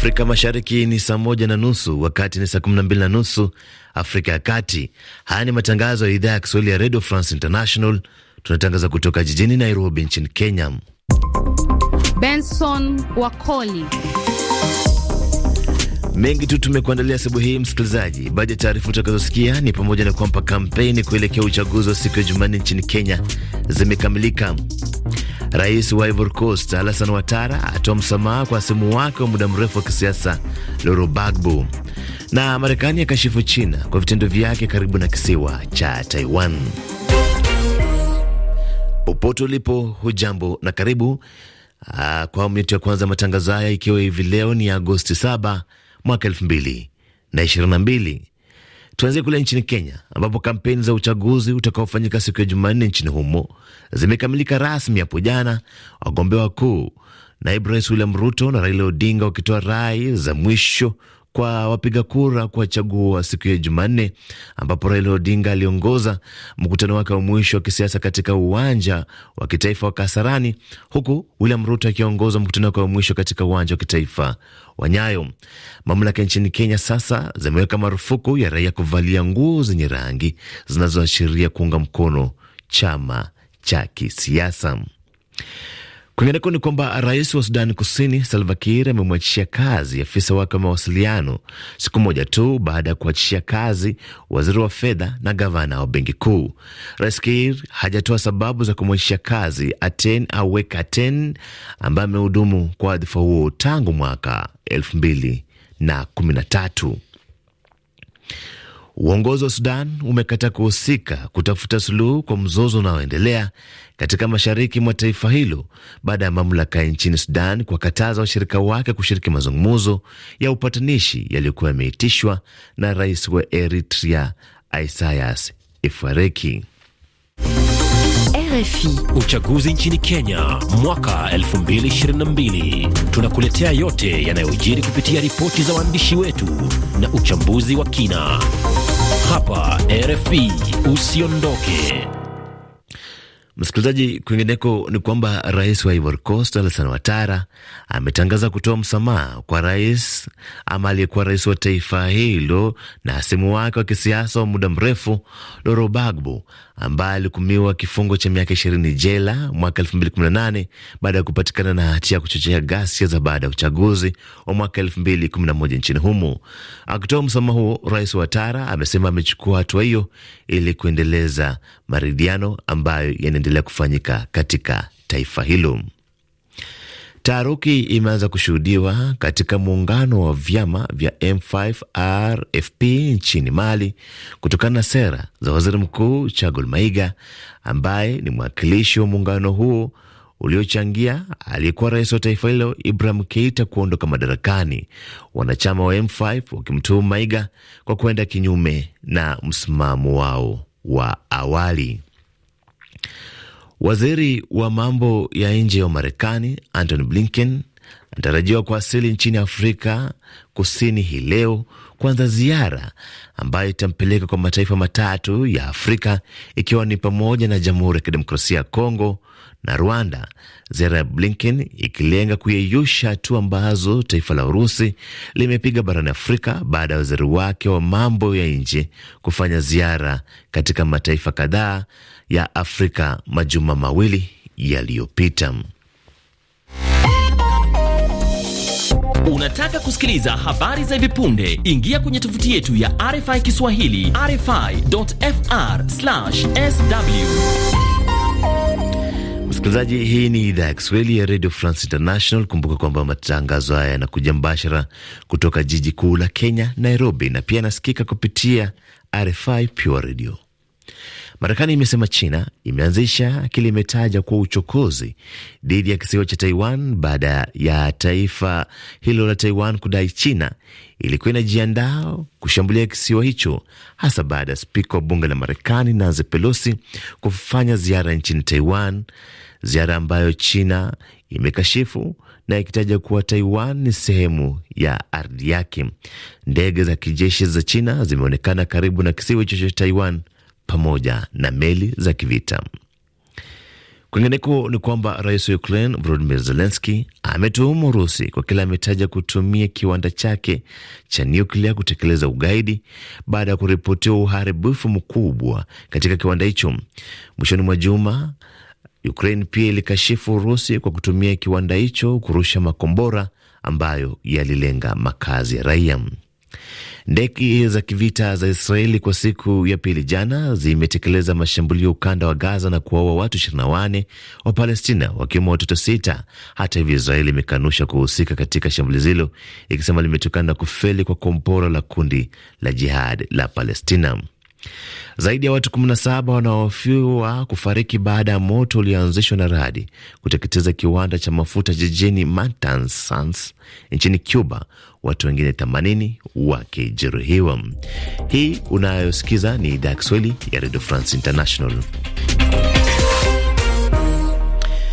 Afrika Mashariki ni saa moja na nusu, wakati ni saa kumi na mbili na nusu Afrika ya Kati. Haya ni matangazo ya idhaa ya Kiswahili ya Radio France International. Tunatangaza kutoka jijini Nairobi nchini Kenya. Benson Wakoli mengi tu tumekuandalia asubuhi hii msikilizaji. Baadhi ya taarifa utakazosikia ni pamoja na kwamba kampeni kuelekea uchaguzi wa siku ya Jumanne nchini Kenya zimekamilika. Rais wa Ivory Coast Alassane Ouattara atoa msamaha kwa simu wake wa muda mrefu wa kisiasa Laurent Gbagbo, na Marekani yakashifu China kwa vitendo vyake karibu na kisiwa cha Taiwan. Popote ulipo, hujambo na karibu aa, ah, kwa awamu yetu ya kwanza matangazo haya, ikiwa hivi leo ni Agosti 7 mwaka 2022. Tuanzie kule nchini Kenya ambapo kampeni za uchaguzi utakaofanyika siku ya Jumanne nchini humo zimekamilika rasmi hapo jana, wagombea wakuu naibu rais William Ruto na Raila Odinga wakitoa rai za mwisho kwa wapiga kura kuwachagua siku ya Jumanne, ambapo Raila Odinga aliongoza mkutano wake wa mwisho wa kisiasa katika uwanja wa kitaifa wa Kasarani, huku William Ruto akiongoza mkutano wake wa mwisho katika uwanja wa kitaifa wa Nyayo. Mamlaka nchini Kenya sasa zimeweka marufuku ya raia kuvalia nguo zenye rangi zinazoashiria kuunga mkono chama cha kisiasa. Kwingineko ni kwamba rais wa Sudani Kusini Salva Kiir amemwachia kazi afisa wake wa mawasiliano siku moja tu baada ya kuachia kazi waziri wa fedha na gavana wa benki kuu. Rais Kiir hajatoa sababu za kumwachia kazi Aten Awek Aten ambaye amehudumu kwa wadhifa huo tangu mwaka elfu mbili na kumi na tatu. Uongozi wa Sudan umekata kuhusika kutafuta suluhu kwa mzozo unaoendelea katika mashariki mwa taifa hilo baada ya mamlaka nchini Sudan kuwakataza washirika wake kushiriki mazungumzo ya upatanishi yaliyokuwa yameitishwa na rais wa Eritrea Isaias Afwerki. RFI. Uchaguzi nchini Kenya mwaka 2022. Tunakuletea yote yanayojiri kupitia ripoti za waandishi wetu na uchambuzi wa kina hapa RFI. Usiondoke. Msikilizaji, kwingineko ni kwamba rais wa Ivory Coast Alassane Ouattara ametangaza kutoa msamaha kwa rais ama aliyekuwa rais wa taifa hilo na hasimu wake wa kisiasa wa muda mrefu Laurent Gbagbo ambaye alihukumiwa kifungo cha miaka ishirini jela mwaka nane baada ya kupatikana na hatia ya kuchochea ghasia za baada ya uchaguzi wa mwaka moja nchini humo. Akitoa msamaha huo, rais Ouattara amesema amechukua hatua hiyo ili kuendeleza maridhiano ambayo yanaendelea yanaendelea kufanyika katika taifa hilo. Taharuki imeanza kushuhudiwa katika muungano wa vyama vya M5 RFP nchini Mali kutokana na sera za waziri mkuu Chagul Maiga ambaye ni mwakilishi wa muungano huo uliochangia aliyekuwa rais wa taifa hilo Ibrahim Keita kuondoka madarakani, wanachama wa M5 wakimtuhumu Maiga kwa kuenda kinyume na msimamo wao wa awali. Waziri wa mambo ya nje wa Marekani Antony Blinken anatarajiwa kuwasili nchini Afrika Kusini hii leo kuanza ziara ambayo itampeleka kwa mataifa matatu ya Afrika ikiwa ni pamoja na Jamhuri ya Kidemokrasia ya Kongo, na Rwanda, ziara ya Blinken ikilenga kuyeyusha hatua ambazo taifa la Urusi limepiga barani Afrika baada ya waziri wake wa mambo ya nje kufanya ziara katika mataifa kadhaa ya Afrika majuma mawili yaliyopita. Unataka kusikiliza habari za hivi punde? Ingia kwenye tovuti yetu ya RFI Kiswahili, rfi.fr/sw. Msikilizaji, hii ni idhaa ya Kiswahili ya Radio France International. Kumbuka kwamba matangazo haya yanakuja mbashara kutoka jiji kuu la Kenya, Nairobi, na pia yanasikika kupitia RFI Pure Radio. Marekani imesema China imeanzisha kile imetaja kuwa uchokozi dhidi ya kisiwa cha Taiwan baada ya taifa hilo la Taiwan kudai China ilikuwa inajiandaa kushambulia kisiwa hicho, hasa baada ya spika wa bunge la Marekani Nancy Pelosi kufanya ziara nchini Taiwan, ziara ambayo China imekashifu na ikitaja kuwa Taiwan ni sehemu ya ardhi yake. Ndege za kijeshi za China zimeonekana karibu na kisiwa hicho cha Taiwan pamoja na meli za kivita. Kwingineko ni kwamba rais wa Ukraine Volodymyr Zelensky ametuhumu Urusi kwa kile ametaja kutumia kiwanda chake cha nyuklia kutekeleza ugaidi baada ya kuripotiwa uharibifu mkubwa katika kiwanda hicho. Mwishoni mwa juma, Ukraine pia ilikashifu Urusi kwa kutumia kiwanda hicho kurusha makombora ambayo yalilenga makazi ya raia. Ndege za kivita za Israeli kwa siku ya pili jana zimetekeleza mashambulio ukanda wa Gaza na kuwaua watu 24 wa Palestina, wakiwemo watoto sita. Hata hivyo, Israeli imekanusha kuhusika katika shambulizi hilo, ikisema limetokana na kufeli kwa kombora la kundi la jihad la Palestina. Zaidi ya watu 17 wanaohofiwa kufariki baada ya moto ulioanzishwa na radi kuteketeza kiwanda cha mafuta jijini Matanzas nchini Cuba, watu wengine 80 wakijeruhiwa. Hii unayosikiza ni idhaa ya Kiswahili ya Radio France International.